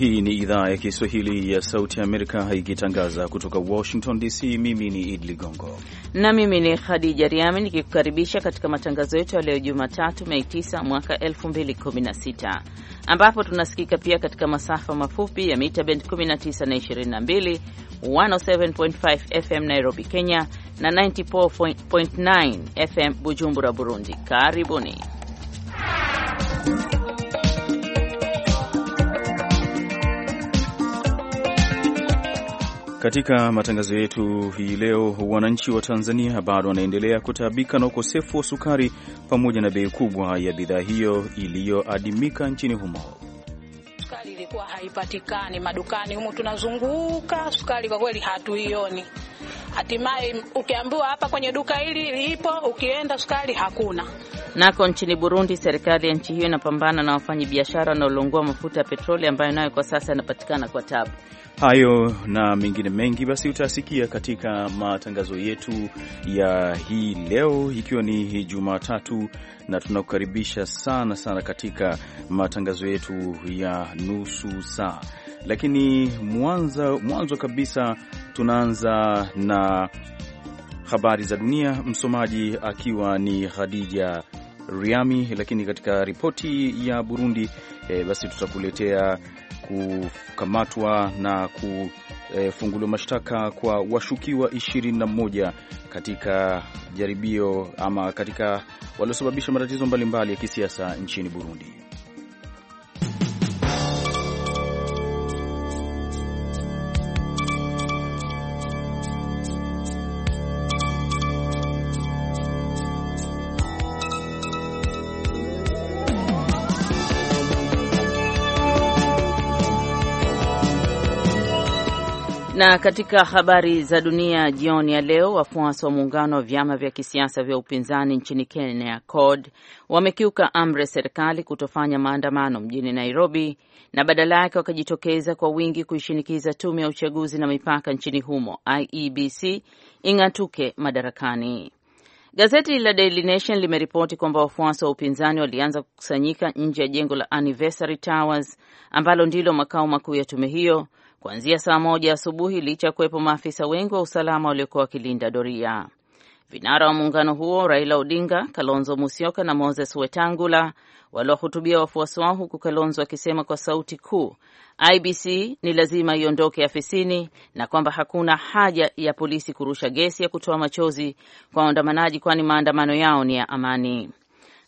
Hii ni idhaa ya Kiswahili ya Sauti ya Amerika ikitangaza kutoka Washington DC. Mimi ni Idi Ligongo na mimi ni Khadija Riami nikikukaribisha katika matangazo yetu ya leo Jumatatu, Mei 9 mwaka 2016 ambapo tunasikika pia katika masafa mafupi ya mita bend 19 na 22, 107.5 FM Nairobi, Kenya na 94.9 FM Bujumbura, Burundi. Karibuni Katika matangazo yetu hii leo, wananchi wa Tanzania bado wanaendelea kutaabika na ukosefu wa sukari pamoja na bei kubwa ya bidhaa hiyo iliyoadimika nchini humo. Sukari ilikuwa haipatikani madukani humo, tunazunguka sukari kwa kweli hatuioni hatimaye ukiambiwa hapa kwenye duka hili lipo, ukienda sukari hakuna. Nako nchini Burundi, serikali ya nchi hiyo inapambana na wafanyabiashara wanaolongua mafuta ya petroli ambayo nayo kwa sasa yanapatikana kwa tabu. Hayo na mengine mengi basi utasikia katika matangazo yetu ya hii leo, ikiwa ni Jumatatu, na tunakukaribisha sana sana katika matangazo yetu ya nusu saa. Lakini mwanzo mwanzo kabisa Tunaanza na habari za dunia, msomaji akiwa ni Khadija Riami. Lakini katika ripoti ya Burundi e, basi tutakuletea kukamatwa na kufunguliwa mashtaka kwa washukiwa 21 katika jaribio ama katika waliosababisha matatizo mbalimbali ya kisiasa nchini Burundi. Na katika habari za dunia jioni ya leo, wafuasi wa muungano wa vyama vya kisiasa vya upinzani nchini Kenya CORD wamekiuka amri ya serikali kutofanya maandamano mjini Nairobi na badala yake wakajitokeza kwa wingi kuishinikiza tume ya uchaguzi na mipaka nchini humo IEBC ing'atuke madarakani. Gazeti la Daily Nation limeripoti kwamba wafuasi wa upinzani walianza kukusanyika nje ya jengo la Anniversary Towers ambalo ndilo makao makuu ya tume hiyo kuanzia saa moja asubuhi, licha ya kuwepo maafisa wengi wa usalama waliokuwa wakilinda doria. Vinara wa muungano huo Raila Odinga, Kalonzo Musyoka na Moses Wetangula waliwahutubia wafuasi wao, huku Kalonzo akisema kwa sauti kuu IBC ni lazima iondoke afisini na kwamba hakuna haja ya polisi kurusha gesi ya kutoa machozi kwa waandamanaji, kwani maandamano yao ni ya amani.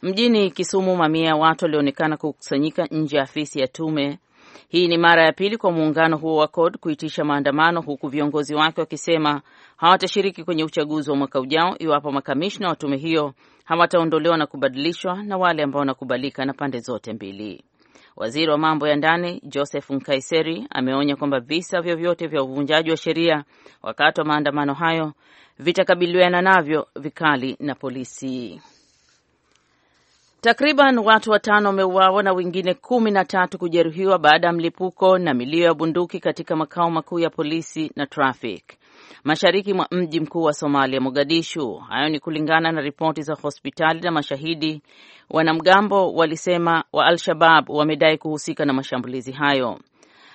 Mjini Kisumu, mamia ya watu walionekana kukusanyika nje ya afisi ya tume hii ni mara ya pili kwa muungano huo wa CORD kuitisha maandamano, huku viongozi wake wakisema hawatashiriki kwenye uchaguzi wa mwaka ujao iwapo makamishna wa tume hiyo hawataondolewa na kubadilishwa na wale ambao wanakubalika na pande zote mbili. Waziri wa mambo ya ndani Joseph Nkaiseri ameonya kwamba visa vyovyote vya uvunjaji wa sheria wakati wa maandamano hayo vitakabiliana navyo vikali na polisi. Takriban watu watano wameuawa na wengine kumi na tatu kujeruhiwa baada ya mlipuko na milio ya bunduki katika makao makuu ya polisi na trafik mashariki mwa mji mkuu wa Somalia, Mogadishu. Hayo ni kulingana na ripoti za hospitali na mashahidi. Wanamgambo walisema wa Al-Shabab wamedai kuhusika na mashambulizi hayo.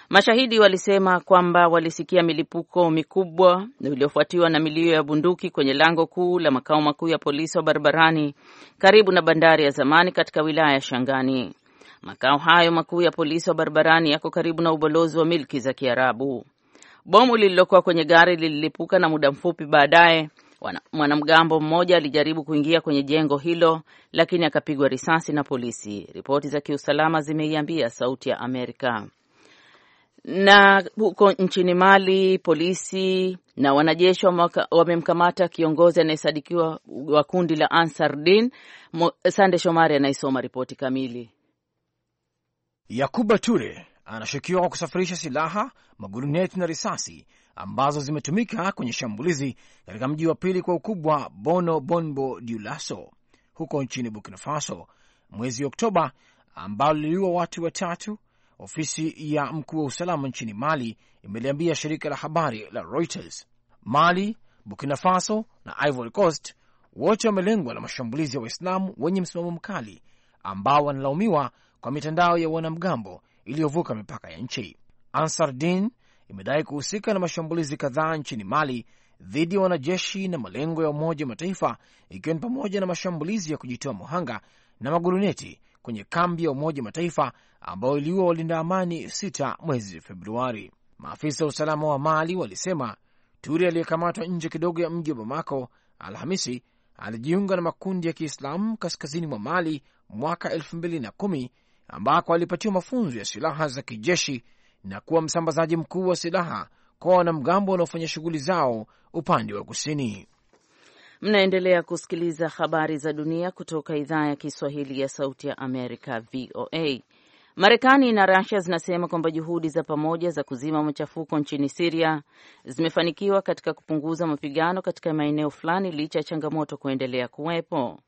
Mashahidi walisema kwamba walisikia milipuko mikubwa iliyofuatiwa na milio ya bunduki kwenye lango kuu la makao makuu ya polisi wa barabarani karibu na bandari ya zamani katika wilaya ya Shangani. Makao hayo makuu ya polisi wa barabarani yako karibu na ubalozi wa milki za Kiarabu. Bomu lililokuwa kwenye gari lililipuka na muda mfupi baadaye mwanamgambo mmoja alijaribu kuingia kwenye jengo hilo lakini akapigwa risasi na polisi. Ripoti za kiusalama zimeiambia Sauti ya Amerika. Na huko nchini Mali, polisi na wanajeshi wamemkamata kiongozi anayesadikiwa wa kundi la Din. Sande Shomari anaisoma ripoti kamili. Yakuba Ture anashukiwa kwa kusafirisha silaha, maguruneti na risasi ambazo zimetumika kwenye shambulizi katika mji wa pili kwa ukubwa Bono Bonbo Diulaso huko nchini Burkina Faso mwezi Oktoba, ambalo liliua watu watatu Ofisi ya mkuu wa usalama nchini Mali imeliambia shirika la habari la Reuters. Mali, Burkina Faso na Ivory Coast wote wamelengwa na mashambulizi ya Waislamu wenye msimamo mkali ambao wanalaumiwa kwa mitandao ya wanamgambo iliyovuka mipaka ya nchi. Ansar Din imedai kuhusika na mashambulizi kadhaa nchini Mali dhidi ya wanajeshi na malengo ya Umoja wa Mataifa, ikiwa ni pamoja na mashambulizi ya kujitoa muhanga na maguruneti kwenye kambi ya Umoja Mataifa ambayo iliua walinda amani sita mwezi Februari. Maafisa wa usalama wa Mali walisema Turi aliyekamatwa nje kidogo ya mji wa Bamako Alhamisi alijiunga na makundi ya Kiislamu kaskazini mwa Mali mwaka 21 ambako alipatiwa mafunzo ya silaha za kijeshi na kuwa msambazaji mkuu wa silaha kwa wanamgambo wanaofanya shughuli zao upande wa kusini. Mnaendelea kusikiliza habari za dunia kutoka idhaa ya Kiswahili ya Sauti ya Amerika, VOA. Marekani na rasia zinasema kwamba juhudi za pamoja za kuzima machafuko nchini Siria zimefanikiwa katika kupunguza mapigano katika maeneo fulani licha ya changamoto kuendelea kuwepo.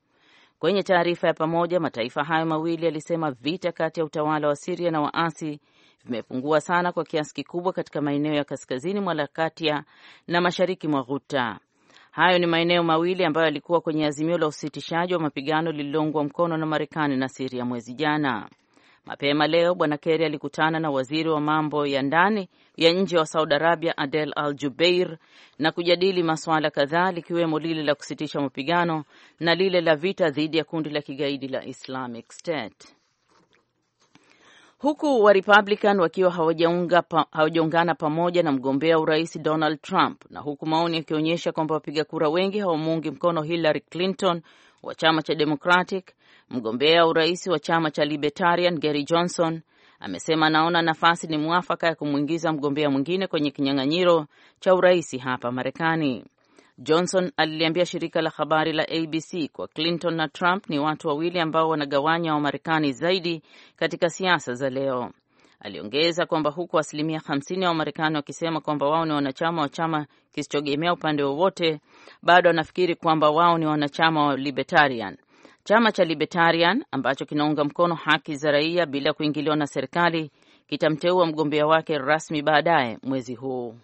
Kwenye taarifa ya pamoja, mataifa hayo mawili yalisema vita kati ya utawala wa Siria na waasi vimepungua sana kwa kiasi kikubwa katika maeneo ya kaskazini mwa lakatia na mashariki mwa Ghuta. Hayo ni maeneo mawili ambayo yalikuwa kwenye azimio la usitishaji wa mapigano lililoungwa mkono na Marekani na Siria mwezi jana. Mapema leo Bwana Kerry alikutana na waziri wa mambo ya ndani ya nje wa Saudi Arabia Adel Al Jubeir na kujadili masuala kadhaa likiwemo lile la kusitisha mapigano na lile la vita dhidi ya kundi la kigaidi la Islamic State huku wa Republican wakiwa hawajaungana pa, hawajaungana pamoja na mgombea urais Donald Trump na huku maoni yakionyesha kwamba wapiga kura wengi hawamuungi mkono Hillary Clinton wa chama cha Democratic. Mgombea urais wa chama cha Libertarian Gary Johnson amesema anaona nafasi ni mwafaka ya kumwingiza mgombea mwingine kwenye kinyang'anyiro cha urais hapa Marekani. Johnson aliliambia shirika la habari la ABC kuwa Clinton na Trump ni watu wawili ambao wanagawanya Wamarekani zaidi katika siasa za leo. Aliongeza kwamba huku asilimia 50 ya Wamarekani wakisema kwamba wao ni wanachama wa chama kisichoegemea upande wowote, bado anafikiri kwamba wao ni wanachama wa Libertarian. Chama cha Libertarian ambacho kinaunga mkono haki za raia bila kuingiliwa na serikali kitamteua mgombea wake rasmi baadaye mwezi huu.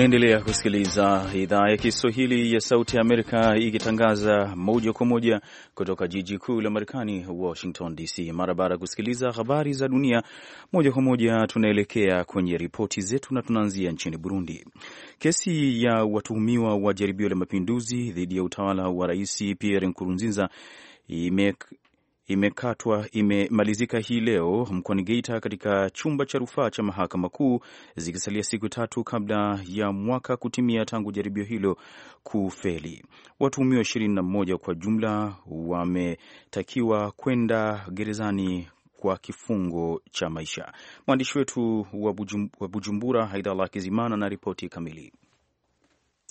Unaendelea kusikiliza idhaa ya Kiswahili ya Sauti ya Amerika ikitangaza moja kwa moja kutoka jiji kuu la Marekani, Washington DC. Mara baada ya kusikiliza habari za dunia moja kwa moja, tunaelekea kwenye ripoti zetu na tunaanzia nchini Burundi. Kesi ya watuhumiwa wa jaribio la mapinduzi dhidi ya utawala wa Rais Pierre Nkurunziza imekatwa imemalizika hii leo mkoani Geita katika chumba cha rufaa cha mahakama kuu, zikisalia siku tatu kabla ya mwaka kutimia tangu jaribio hilo kufeli. Watuhumiwa ishirini na mmoja kwa jumla wametakiwa kwenda gerezani kwa kifungo cha maisha. Mwandishi wetu wa Bujumbura Haidallah Kizimana na ripoti kamili.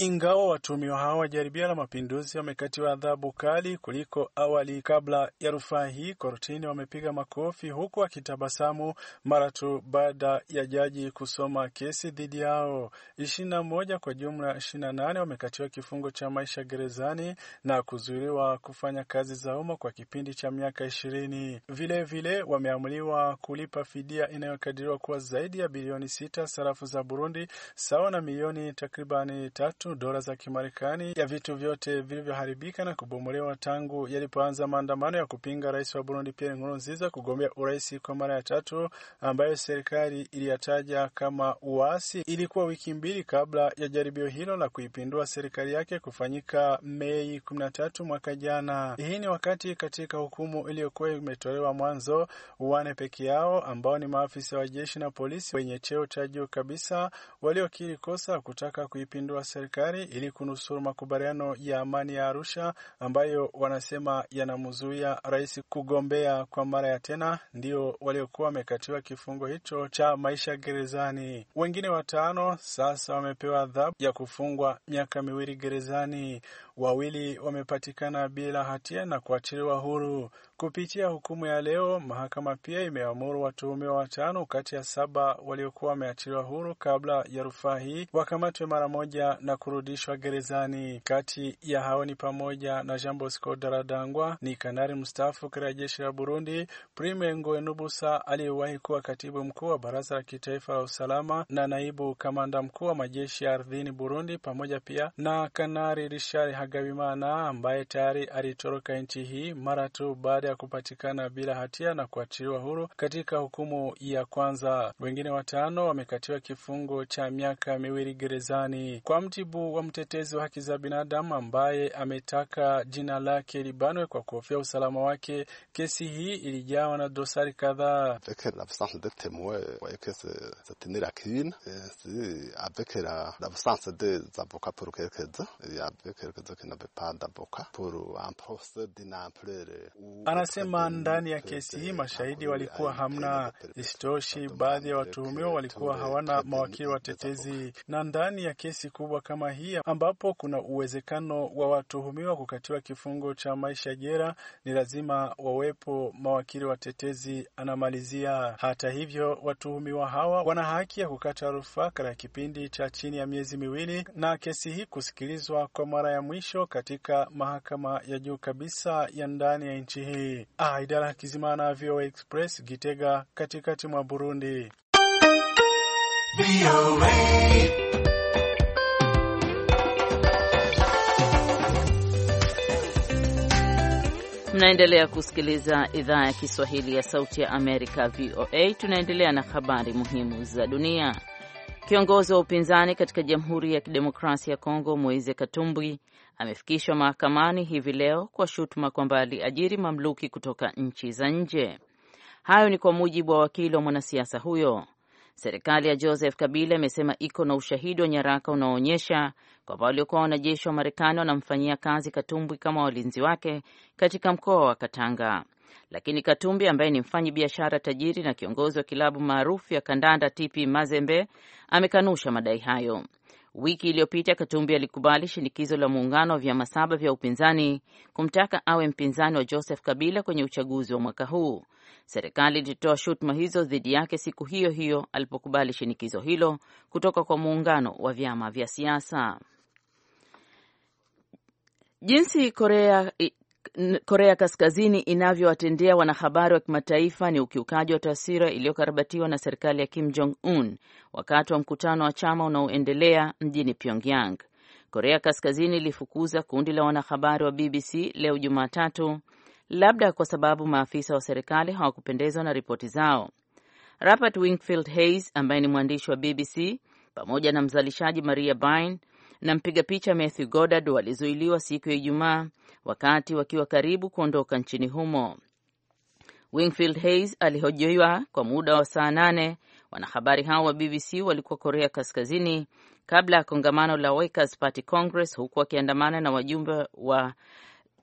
Ingawa watumiwa hao wa jaribio la mapinduzi wamekatiwa adhabu kali kuliko awali kabla ya rufaa hii kortini, wamepiga makofi huku wakitabasamu mara tu baada ya jaji kusoma kesi dhidi yao. ishirini na moja kwa jumla ishirini na nane wamekatiwa kifungo cha maisha gerezani na kuzuiliwa kufanya kazi za umma kwa kipindi cha miaka ishirini. Vilevile wameamuliwa kulipa fidia inayokadiriwa kuwa zaidi ya bilioni sita sarafu za Burundi sawa na milioni takribani tatu tatu dola za Kimarekani ya vitu vyote vilivyoharibika na kubomolewa tangu yalipoanza maandamano ya kupinga rais wa Burundi Pierre Nkurunziza kugombea urais kwa mara ya tatu, ambayo serikali iliyataja kama uasi. Ilikuwa wiki mbili kabla ya jaribio hilo la kuipindua serikali yake kufanyika Mei 13 mwaka jana. Hii ni wakati katika hukumu iliyokuwa imetolewa mwanzo, wane peke yao ambao ni maafisa wa jeshi na polisi wenye cheo cha juu kabisa waliokiri kosa kutaka kuipindua serikali serikali ili kunusuru makubaliano ya amani ya Arusha ambayo wanasema yanamzuia rais kugombea kwa mara ya tena, ndio waliokuwa wamekatiwa kifungo hicho cha maisha gerezani. Wengine watano sasa wamepewa adhabu ya kufungwa miaka miwili gerezani. Wawili wamepatikana bila hatia na kuachiliwa huru. Kupitia hukumu ya leo, mahakama pia imeamuru watuhumiwa watano kati ya saba waliokuwa wameachiliwa huru kabla ya rufaa hii wakamatwe mara moja na kurudishwa gerezani. Kati ya hao ni pamoja na Jean Bosco Daradangwa, ni kanari mstaafu katika jeshi la Burundi, Prime Ngoenubusa aliyewahi kuwa katibu mkuu wa Baraza la Kitaifa la Usalama na naibu kamanda mkuu wa majeshi ya ardhini Burundi, pamoja pia na kanari Richard Nagabimana ambaye tayari alitoroka nchi hii mara tu baada ya kupatikana bila hatia na kuachiliwa huru katika hukumu ya kwanza. Wengine watano wamekatiwa kifungo cha miaka miwili gerezani. Kwa mjibu wa mtetezi wa haki za binadamu ambaye ametaka jina lake libanwe kwa kuhofia usalama wake, kesi hii ilijawa na dosari kadhaa. Anasema ndani ya kesi hii mashahidi walikuwa hamna. Isitoshi, baadhi ya watuhumiwa walikuwa hawana mawakili watetezi, na ndani ya kesi kubwa kama hii ambapo kuna uwezekano wa watuhumiwa kukatiwa kifungo cha maisha jela, ni lazima wawepo mawakili watetezi, anamalizia. Hata hivyo, watuhumiwa hawa wana haki ya kukata rufaa katika kipindi cha chini ya miezi miwili na kesi hii kusikilizwa kwa mara ya mwisho mwisho katika mahakama ya juu kabisa ya ndani ya nchi hii. Ah, idara ya Kizimana, VOA Express, Gitega, katikati mwa Burundi. Mnaendelea kusikiliza idhaa ya Kiswahili ya Sauti ya Amerika, VOA. Tunaendelea na habari muhimu za dunia. Kiongozi wa upinzani katika Jamhuri ya Kidemokrasia ya Kongo, Moise Katumbi, amefikishwa mahakamani hivi leo kwa shutuma kwamba aliajiri mamluki kutoka nchi za nje. Hayo ni kwa mujibu wa wakili wa mwanasiasa huyo. Serikali ya Joseph Kabila imesema iko na ushahidi wa nyaraka unaoonyesha kwamba waliokuwa wanajeshi wa Marekani wanamfanyia kazi Katumbwi kama walinzi wake katika mkoa wa Katanga. Lakini Katumbi ambaye ni mfanyi biashara tajiri na kiongozi wa kilabu maarufu ya kandanda TP Mazembe amekanusha madai hayo. Wiki iliyopita Katumbi alikubali shinikizo la muungano wa vyama saba vya upinzani kumtaka awe mpinzani wa Joseph Kabila kwenye uchaguzi wa mwaka huu. Serikali ilitoa shutuma hizo dhidi yake siku hiyo hiyo alipokubali shinikizo hilo kutoka kwa muungano wa vyama vya siasa. Jinsi Korea Korea Kaskazini inavyowatendea wanahabari wa kimataifa ni ukiukaji wa taswira iliyokarabatiwa na serikali ya Kim Jong Un wakati wa mkutano wa chama unaoendelea mjini Pyongyang. Korea Kaskazini ilifukuza kundi la wanahabari wa BBC leo Jumatatu, labda kwa sababu maafisa wa serikali hawakupendezwa na ripoti zao. Rupert Wingfield Hayes ambaye ni mwandishi wa BBC pamoja na mzalishaji Maria Byrne na mpiga picha Matthew Goddard walizuiliwa siku ya Ijumaa wakati wakiwa karibu kuondoka nchini humo. Wingfield Hayes alihojiwa kwa muda wa saa nane. Wanahabari hao wa BBC walikuwa Korea Kaskazini kabla ya kongamano la Workers Party Congress, huku wakiandamana na wajumbe wa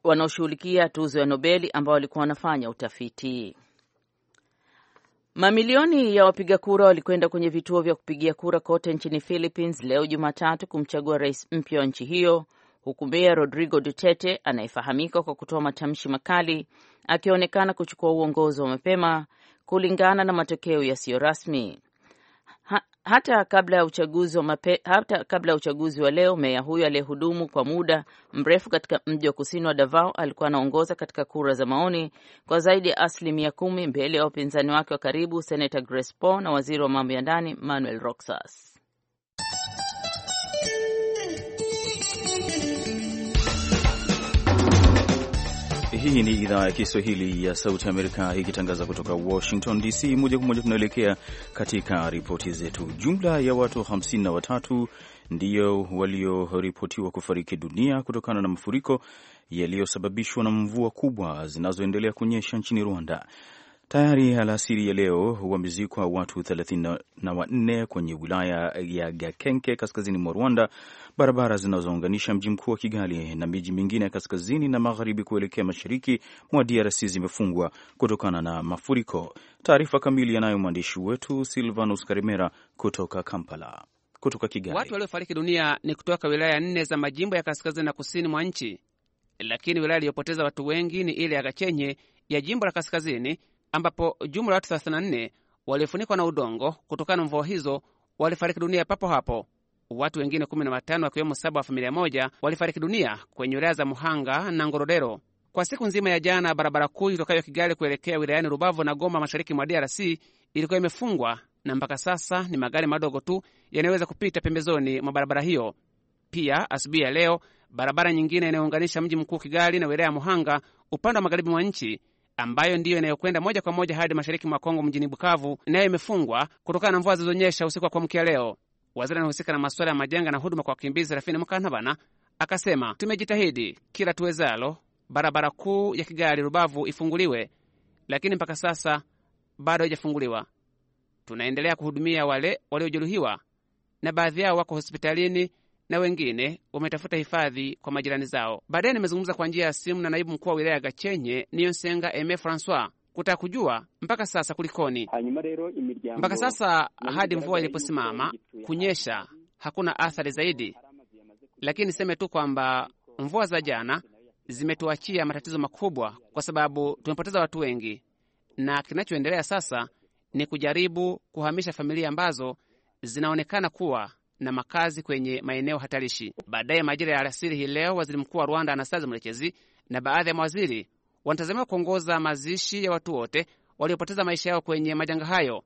wanaoshughulikia tuzo ya Nobeli ambao walikuwa wanafanya utafiti. Mamilioni ya wapiga kura walikwenda kwenye vituo vya kupigia kura kote nchini Philippines leo Jumatatu kumchagua rais mpya wa nchi hiyo huku meya Rodrigo Duterte anayefahamika kwa kutoa matamshi makali akionekana kuchukua uongozi wa mapema kulingana na matokeo yasiyo rasmi. Ha, hata kabla ya uchaguzi wa mape, hata kabla ya uchaguzi wa leo, meya huyo aliyehudumu kwa muda mrefu katika mji wa kusini wa Davao alikuwa anaongoza katika kura za maoni kwa zaidi ya asilimia kumi mbele ya wapinzani wake wa karibu Senata Grace Poe na waziri wa mambo ya ndani Manuel Roxas. Hii ni idhaa ya Kiswahili ya Sauti Amerika ikitangaza kutoka Washington DC. Moja kwa moja tunaelekea katika ripoti zetu. Jumla ya watu 53 ndiyo walioripotiwa kufariki dunia kutokana na mafuriko yaliyosababishwa na mvua kubwa zinazoendelea kunyesha nchini Rwanda. Tayari alasiri ya leo wamezikwa watu 34 kwenye wilaya ya Gakenke kaskazini mwa Rwanda barabara zinazounganisha mji mkuu wa Kigali na miji mingine ya kaskazini na magharibi kuelekea mashariki mwa DRC zimefungwa kutokana na mafuriko. Taarifa kamili yanayo mwandishi wetu Silvanus Karimera kutoka Kampala. Kutoka Kigali, watu waliofariki dunia ni kutoka wilaya nne za majimbo ya kaskazini na kusini mwa nchi, lakini wilaya iliyopoteza watu wengi ni ile ya Gachenye ya jimbo la kaskazini, ambapo jumla ya watu 34 waliofunikwa na udongo kutokana na mvua hizo walifariki dunia papo hapo watu wengine kumi na watano wakiwemo saba wa familia moja walifariki dunia kwenye wilaya za Muhanga na Ngorodero. Kwa siku nzima ya jana, barabara kuu itokayo Kigali kuelekea wilayani Rubavu na Goma, mashariki mwa DRC, ilikuwa imefungwa na mpaka sasa ni magari madogo tu yanayoweza kupita pembezoni mwa barabara hiyo. Pia asubuhi ya leo, barabara nyingine inayounganisha mji mkuu Kigali na wilaya ya Muhanga upande wa magharibi mwa nchi, ambayo ndiyo inayokwenda moja kwa moja hadi mashariki mwa Kongo mjini Bukavu, nayo imefungwa kutokana na mvua zilizonyesha usiku wa kuamkia leo. Waziri anahusika na masuala ya majanga na huduma kwa wakimbizi Rafini Mukantabana akasema, tumejitahidi kila tuwezalo, barabara kuu ya Kigali Rubavu ifunguliwe, lakini mpaka sasa bado haijafunguliwa. Tunaendelea kuhudumia wale waliojeruhiwa, na baadhi yao wako hospitalini na wengine wametafuta hifadhi kwa majirani zao. Baadaye nimezungumza kwa njia ya simu na naibu mkuu wa wilaya ya Gachenye Niyonsenga Eme Francois kutaka kujua mpaka sasa kulikoni. Mpaka sasa hadi mvua iliposimama kunyesha, hakuna athari zaidi, lakini niseme tu kwamba mvua za jana zimetuachia matatizo makubwa, kwa sababu tumepoteza watu wengi, na kinachoendelea sasa ni kujaribu kuhamisha familia ambazo zinaonekana kuwa na makazi kwenye maeneo hatarishi. Baadaye majira ya alasiri hii leo, waziri mkuu wa Rwanda Anastasi Murekezi na baadhi ya mawaziri wanatazamiwa kuongoza mazishi ya watu wote waliopoteza maisha yao kwenye majanga hayo.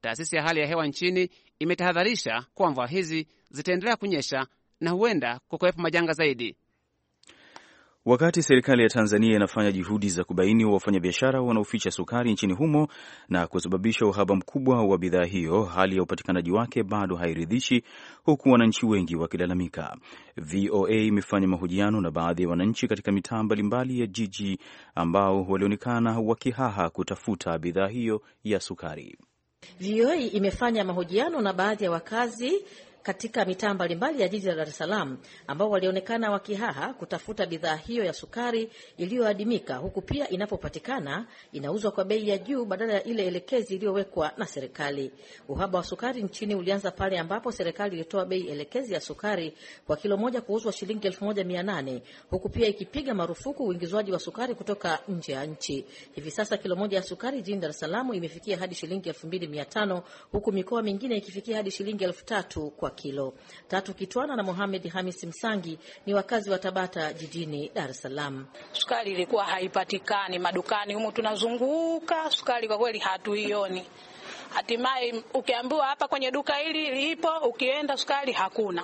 Taasisi ya hali ya hewa nchini imetahadharisha kuwa mvua hizi zitaendelea kunyesha na huenda kukawepo majanga zaidi. Wakati serikali ya Tanzania inafanya juhudi za kubaini wafanyabiashara wanaoficha sukari nchini humo na kusababisha uhaba mkubwa wa bidhaa hiyo, hali ya upatikanaji wake bado hairidhishi, huku wananchi wengi wakilalamika. VOA imefanya mahojiano na baadhi ya wananchi katika mitaa mbalimbali ya jiji ambao walionekana wakihaha kutafuta bidhaa hiyo ya sukari. VOA imefanya mahojiano na baadhi ya wakazi katika mitaa mbalimbali ya jiji la Dar es Salaam ambao walionekana wakihaha kutafuta bidhaa hiyo ya sukari iliyoadimika, huku pia inapopatikana inauzwa kwa bei ya juu badala ya ile elekezi iliyowekwa na serikali. Uhaba wa sukari nchini ulianza pale ambapo serikali ilitoa bei elekezi ya sukari kwa kilo moja kuuzwa shilingi 1800 huku pia ikipiga marufuku uingizwaji wa sukari kutoka nje ya nchi. Hivi sasa kilo moja ya sukari jijini Dar es Salaam imefikia hadi shilingi 2500 huku mikoa mingine ikifikia hadi shilingi 3000 kwa kilo. Tatu Kitwana na Mohamed Hamis Msangi ni wakazi wa Tabata jijini Dar es Salaam. Sukari ilikuwa haipatikani madukani humu, tunazunguka sukari kwa kweli hatuioni. Hatimaye ukiambiwa hapa kwenye duka hili lipo, ukienda sukari hakuna.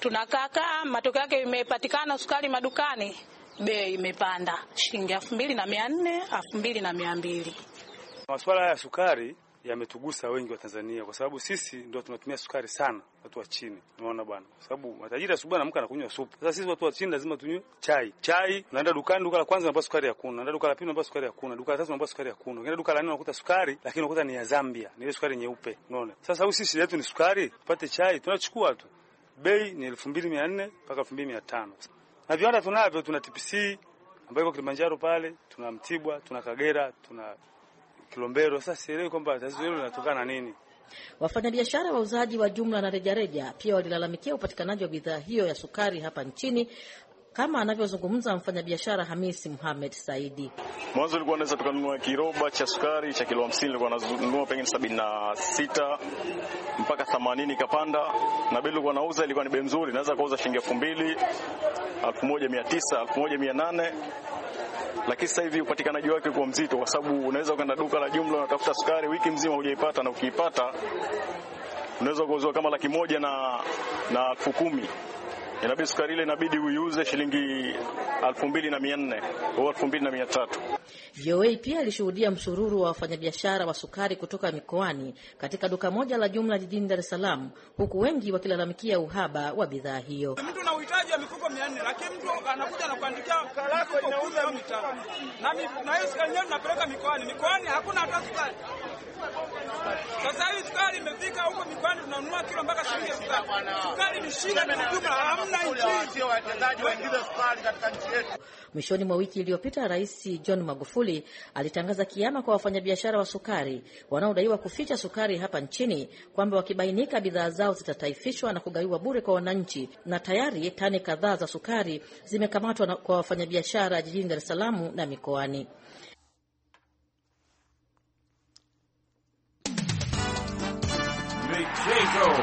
Tunakaakaa, matokeo yake imepatikana sukari madukani, bei imepanda shilingi elfu mbili na mia nne elfu mbili na mia mbili Masuala ya sukari yametugusa wengi wa Tanzania, kwa sababu sisi ndio tunatumia sukari sana, watu wa chini. Unaona bwana, kwa sababu matajiri asubuhi anaamka na kunywa supu. Sasa sisi watu wa chini lazima tunywe chai. Chai unaenda dukani, duka la kwanza unapewa sukari hakuna, unaenda duka la pili unapewa sukari hakuna, duka la tatu unapewa sukari hakuna, ukienda duka la nne unakuta sukari, lakini unakuta ni ya Zambia, ni ile sukari nyeupe. Unaona sasa, sisi yetu ni sukari, tupate chai, tunachukua tu. Bei ni 2400 mpaka 2500 na viwanda tunavyo, tuna TPC ambayo iko Kilimanjaro pale, tuna Mtibwa, tuna Kagera, tuna Kilombero. Sasa sielewi kwamba tatizo hilo linatokana na nini. Wafanyabiashara wauzaji wa jumla na rejareja pia walilalamikia upatikanaji wa bidhaa hiyo ya sukari hapa nchini, kama anavyozungumza mfanyabiashara Hamisi Muhamed Saidi. Mwanzo ulikuwa naweza tukanunua kiroba cha sukari cha kilo hamsini, nilikuwa nanunua pengine sabini na sita mpaka themanini ikapanda, na bei ilikuwa nauza ilikuwa ni bei nzuri, naweza kuuza shilingi elfu mbili elfu moja mia tisa elfu moja mia nane lakini sasa hivi upatikanaji wake kwa mzito, kwa sababu unaweza ukaenda duka la jumla unatafuta sukari wiki nzima hujaipata, na ukiipata unaweza ukauziwa kama laki moja na na elfu kumi inabidi sukari ile inabidi uiuze shilingi elfu mbili na mia nne au elfu mbili na mia tatu. VOA pia ilishuhudia msururu wa wafanyabiashara wa sukari kutoka mikoani katika duka moja la jumla jijini Dar es Salaam, huku wengi wakilalamikia uhaba wa bidhaa hiyo. Mtu na uhitaji wa mifuko mia nne lakini mtu anakuja na kuandikia kalako inauza mita na hiyo sukari napeleka mikoani, mikoani hakuna hata sukari sasa hivi sukari imefika huko mikwani, tunanunua kilo mpaka shilingi elfu tatu. Sukari ni shida na huduma hamna nchi. Wawekezaji waingize sukari katika nchi yetu. Mwishoni mwa wiki iliyopita, Rais John Magufuli alitangaza kiama kwa wafanyabiashara wa sukari wanaodaiwa kuficha sukari hapa nchini, kwamba wakibainika bidhaa zao zitataifishwa na kugaiwa bure kwa wananchi, na tayari tani kadhaa za sukari zimekamatwa kwa wafanyabiashara jijini Dar es Salaam na mikoani. michezo.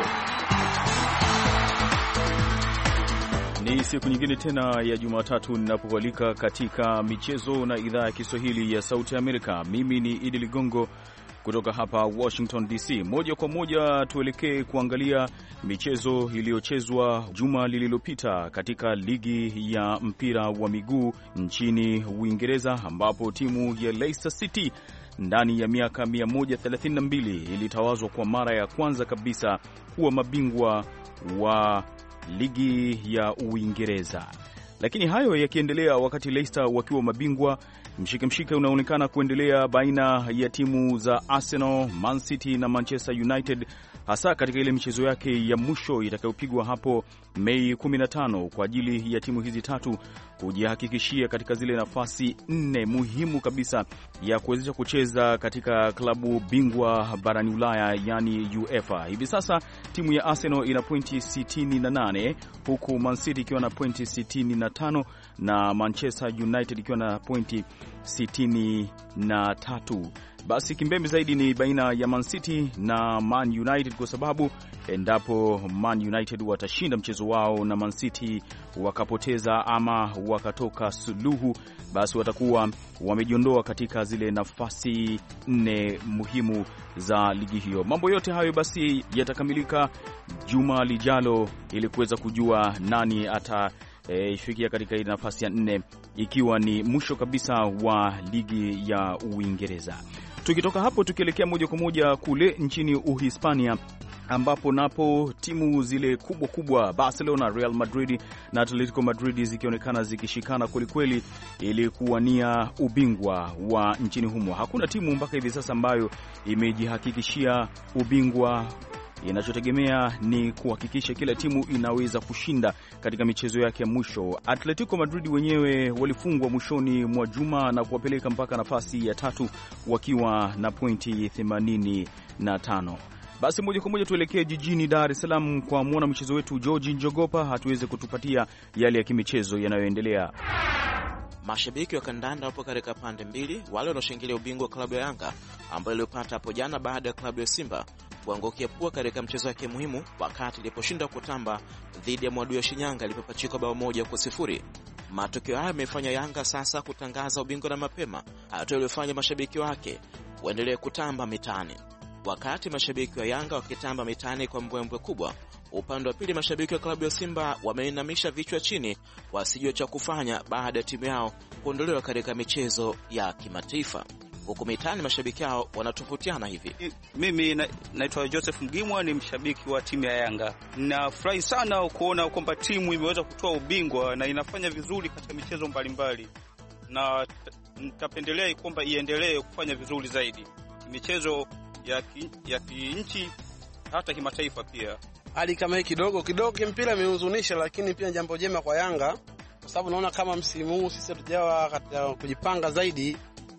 Ni siku nyingine tena ya Jumatatu ninapokualika katika michezo na idhaa ya Kiswahili ya Sauti Amerika. Mimi ni Idi Ligongo kutoka hapa Washington DC. Moja kwa moja tuelekee kuangalia michezo iliyochezwa juma lililopita katika ligi ya mpira wa miguu nchini Uingereza, ambapo timu ya Leicester City ndani ya miaka 132 ilitawazwa kwa mara ya kwanza kabisa kuwa mabingwa wa ligi ya Uingereza. Lakini hayo yakiendelea, wakati Leicester wakiwa mabingwa Mshike mshike unaonekana kuendelea baina ya timu za Arsenal, Man City na Manchester United, hasa katika ile michezo yake ya mwisho itakayopigwa hapo Mei 15 kwa ajili ya timu hizi tatu kujihakikishia katika zile nafasi nne muhimu kabisa ya kuwezesha kucheza katika klabu bingwa barani Ulaya, yani UEFA. Hivi sasa timu ya Arsenal ina pointi 68 huku Man City ikiwa na pointi 65 na Manchester United ikiwa na pointi 63. Basi kimbembe zaidi ni baina ya Man City na Man United, kwa sababu endapo Man United watashinda mchezo wao na Man City wakapoteza ama wakatoka suluhu, basi watakuwa wamejiondoa katika zile nafasi nne muhimu za ligi hiyo. Mambo yote hayo basi yatakamilika juma lijalo ili kuweza kujua nani ata E, ifikia e, katika nafasi ya nne ikiwa ni mwisho kabisa wa ligi ya Uingereza. Tukitoka hapo tukielekea moja kwa moja kule nchini Uhispania ambapo napo timu zile kubwa kubwa Barcelona, Real Madrid na Atletico Madrid zikionekana zikishikana kwelikweli ili kuwania ubingwa wa nchini humo. Hakuna timu mpaka hivi sasa ambayo imejihakikishia ubingwa Inachotegemea ni kuhakikisha kila timu inaweza kushinda katika michezo yake ya mwisho. Atletico Madrid wenyewe walifungwa mwishoni mwa juma na kuwapeleka mpaka nafasi ya tatu wakiwa na pointi 85. Basi moja kwa moja tuelekee jijini Dar es Salaam kwa mwana michezo wetu George Njogopa hatuweze kutupatia yale ya kimichezo yanayoendelea. Mashabiki wa kandanda wapo katika pande mbili, wale wanaoshangilia ubingwa wa klabu ya Yanga ambayo iliyopata hapo jana baada ya klabu ya Simba kuangukia pua katika mchezo wake muhimu wakati iliposhinda kutamba dhidi ya mwadui wa Shinyanga ilipopachikwa bao moja kwa sifuri. Matokeo haya yamefanya Yanga sasa kutangaza ubingwa na mapema, hatua iliyofanya mashabiki wake waendelee kutamba mitaani. Wakati mashabiki wa Yanga wakitamba mitaani kwa mbwembwe kubwa, upande wa pili mashabiki wa klabu ya Simba wameinamisha vichwa chini, wasijua cha kufanya baada ya timu yao kuondolewa katika michezo ya kimataifa huku mitaani mashabiki hao wanatofautiana hivi. Mimi naitwa Joseph Mgimwa, ni mshabiki wa timu ya Yanga. Nafurahi sana kuona kwamba timu imeweza kutoa ubingwa na inafanya vizuri katika michezo mbalimbali, na nitapendelea kwamba iendelee kufanya vizuri zaidi michezo ya kinchi ki hata kimataifa pia. Hali kama hii kidogo kidogo kimpira imehuzunisha, lakini pia jambo jema kwa Yanga kwa sababu naona kama msimu huu sisi hatujawa katika kujipanga zaidi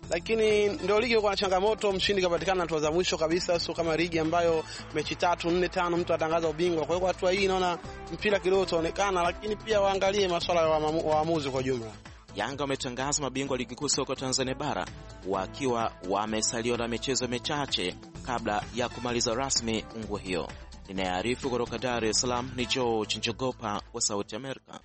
lakini ndio ligi iko na changamoto. Mshindi kapatikana hatua za mwisho kabisa, sio kama ligi ambayo mechi tatu nne tano mtu atangaza ubingwa. Kwa hiyo hatua hii naona mpira kidogo utaonekana, lakini pia waangalie masuala ya waamuzi kwa jumla. Yanga wametangaza mabingwa ligi kuu soka Tanzania bara wakiwa wamesaliwa na michezo michache kabla ya kumaliza rasmi ngwe hiyo. Ninayearifu kutoka Dar es Salaam ni George Njogopa wa Sauti Amerika.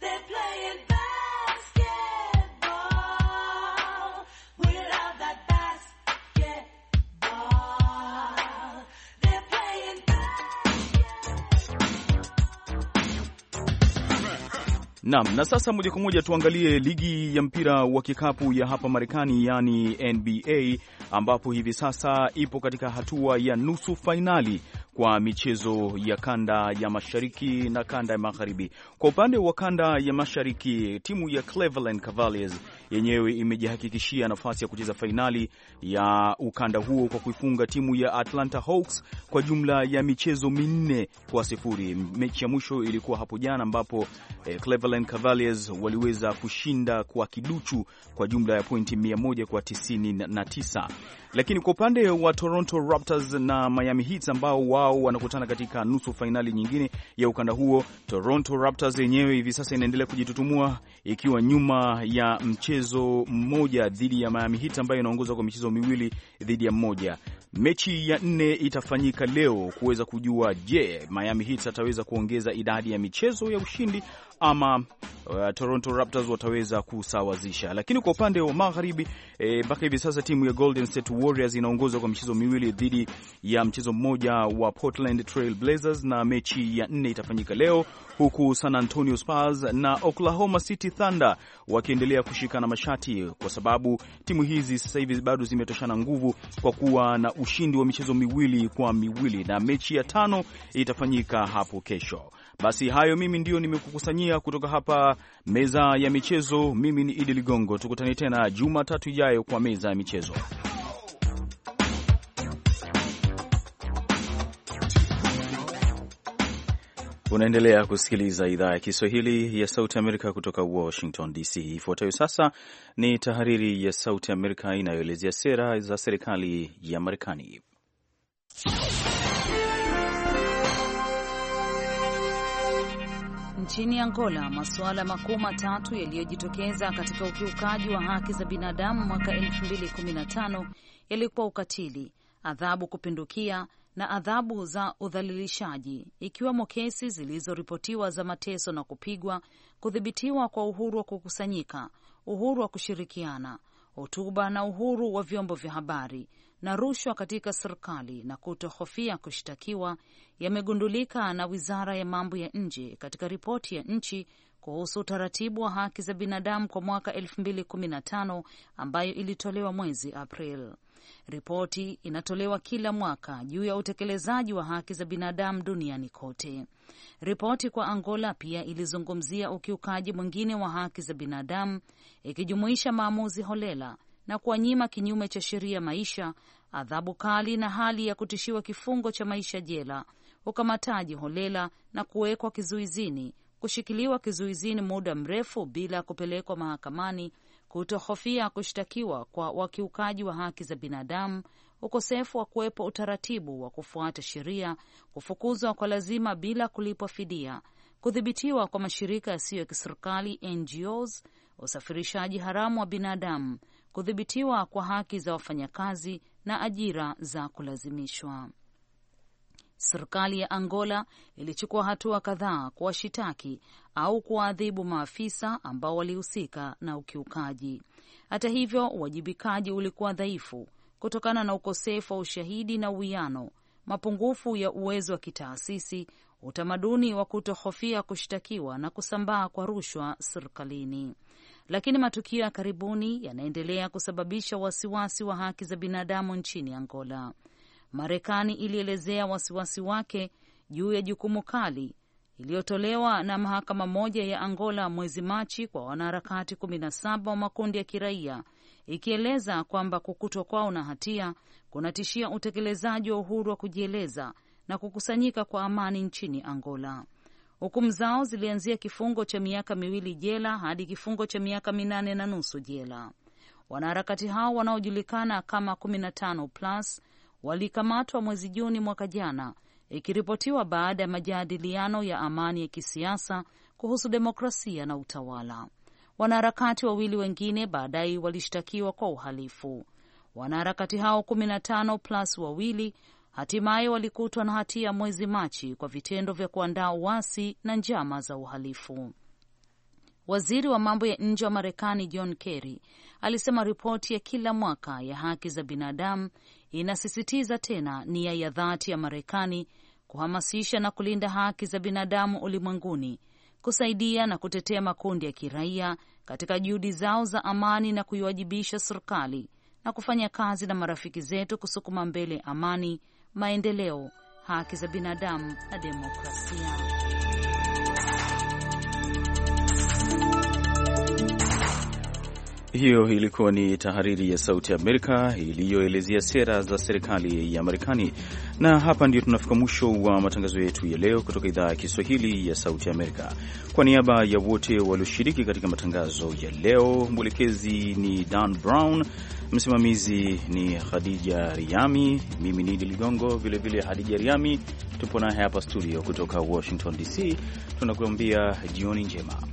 Naam, na sasa moja kwa moja tuangalie ligi ya mpira wa kikapu ya hapa Marekani, yani NBA, ambapo hivi sasa ipo katika hatua ya nusu fainali kwa michezo ya kanda ya mashariki na kanda ya magharibi. Kwa upande wa kanda ya mashariki, timu ya Cleveland Cavaliers yenyewe imejihakikishia nafasi ya kucheza fainali ya ukanda huo kwa kuifunga timu ya Atlanta Hawks kwa jumla ya michezo minne kwa sifuri. Mechi ya mwisho ilikuwa hapo jana ambapo eh, Cleveland Cavaliers waliweza kushinda kwa kiduchu kwa jumla ya pointi 100 kwa 99. Lakini kwa upande wa Toronto Raptors na Miami Heat ambao wao wanakutana katika nusu fainali nyingine ya ukanda huo, Toronto Raptors yenyewe hivi sasa inaendelea kujitutumua ikiwa nyuma ya mchezo mmoja dhidi ya Miami Heat ambayo inaongozwa kwa michezo miwili dhidi ya mmoja. Mechi ya nne itafanyika leo kuweza kujua, je, Miami Heat ataweza kuongeza idadi ya michezo ya ushindi ama uh, Toronto Raptors wataweza kusawazisha. Lakini kwa upande wa magharibi eh, mpaka e, hivi sasa timu ya Golden State Warriors inaongozwa kwa michezo miwili dhidi ya mchezo mmoja wa Portland Trail Blazers, na mechi ya nne itafanyika leo, huku San Antonio Spurs na Oklahoma City Thunder wakiendelea kushikana mashati, kwa sababu timu hizi sasa hivi bado zimetoshana nguvu kwa kuwa na ushindi wa michezo miwili kwa miwili, na mechi ya tano itafanyika hapo kesho. Basi hayo mimi ndiyo nimekukusanyia kutoka hapa meza ya michezo. Mimi ni Idi Ligongo, tukutane tena Jumatatu ijayo kwa meza ya michezo. Unaendelea kusikiliza idhaa ya Kiswahili ya Sauti Amerika kutoka Washington DC. Ifuatayo sasa ni tahariri ya Sauti Amerika inayoelezea sera za serikali ya Marekani. Nchini Angola, masuala makuu matatu yaliyojitokeza katika ukiukaji wa haki za binadamu mwaka 2015 yalikuwa ukatili, adhabu kupindukia na adhabu za udhalilishaji, ikiwemo kesi zilizoripotiwa za mateso na kupigwa, kudhibitiwa kwa uhuru wa kukusanyika, uhuru wa kushirikiana, hotuba na uhuru wa vyombo vya habari, na rushwa katika serikali na kutohofia kushtakiwa yamegundulika na Wizara ya Mambo ya Nje katika ripoti ya nchi kuhusu utaratibu wa haki za binadamu kwa mwaka 2015 ambayo ilitolewa mwezi april Ripoti inatolewa kila mwaka juu ya utekelezaji wa haki za binadamu duniani kote. Ripoti kwa Angola pia ilizungumzia ukiukaji mwingine wa haki za binadamu, ikijumuisha maamuzi holela na kuwanyima kinyume cha sheria maisha, adhabu kali na hali ya kutishiwa kifungo cha maisha jela, ukamataji holela na kuwekwa kizuizini, kushikiliwa kizuizini muda mrefu bila kupelekwa mahakamani, kutohofia kushtakiwa kwa wakiukaji wa haki za binadamu, ukosefu wa kuwepo utaratibu wa kufuata sheria, kufukuzwa kwa lazima bila kulipwa fidia, kudhibitiwa kwa mashirika yasiyo ya kiserikali NGOs, usafirishaji haramu wa binadamu, kudhibitiwa kwa haki za wafanyakazi na ajira za kulazimishwa. Serikali ya Angola ilichukua hatua kadhaa kuwashitaki au kuwaadhibu maafisa ambao walihusika na ukiukaji. Hata hivyo, uwajibikaji ulikuwa dhaifu kutokana na ukosefu wa ushahidi na uwiano, mapungufu ya uwezo wa kitaasisi, utamaduni wa kutohofia kushtakiwa na kusambaa kwa rushwa serikalini lakini matukio ya karibuni yanaendelea kusababisha wasiwasi wa haki za binadamu nchini Angola. Marekani ilielezea wasiwasi wake juu ya jukumu kali iliyotolewa na mahakama moja ya Angola mwezi Machi kwa wanaharakati 17 wa makundi ya kiraia ikieleza kwamba kukutwa kwao na hatia kunatishia utekelezaji wa uhuru wa kujieleza na kukusanyika kwa amani nchini Angola. Hukumu zao zilianzia kifungo cha miaka miwili jela hadi kifungo cha miaka minane na nusu jela. Wanaharakati hao wanaojulikana kama 15 plus walikamatwa mwezi Juni mwaka jana, ikiripotiwa baada ya majadiliano ya amani ya kisiasa kuhusu demokrasia na utawala. Wanaharakati wawili wengine baadaye walishtakiwa kwa uhalifu. Wanaharakati hao 15 plus wawili Hatimaye walikutwa na hatia mwezi Machi kwa vitendo vya kuandaa uasi na njama za uhalifu. Waziri wa mambo ya nje wa Marekani John Kerry alisema ripoti ya kila mwaka ya haki za binadamu inasisitiza tena nia ya dhati ya Marekani kuhamasisha na kulinda haki za binadamu ulimwenguni, kusaidia na kutetea makundi ya kiraia katika juhudi zao za amani na kuiwajibisha serikali na kufanya kazi na marafiki zetu kusukuma mbele amani, maendeleo, haki za binadamu na demokrasia. Hiyo ilikuwa ni tahariri ya Sauti Amerika iliyoelezea sera za serikali ya Marekani. Na hapa ndio tunafika mwisho wa matangazo yetu ya leo kutoka idhaa ya Kiswahili ya Sauti Amerika. Kwa niaba ya wote walioshiriki katika matangazo ya leo, mwelekezi ni Dan Brown, msimamizi ni Khadija Riami, mimi ni Idi Ligongo, vilevile Khadija Riami tupo naye hapa studio kutoka Washington DC. Tunakuambia jioni njema.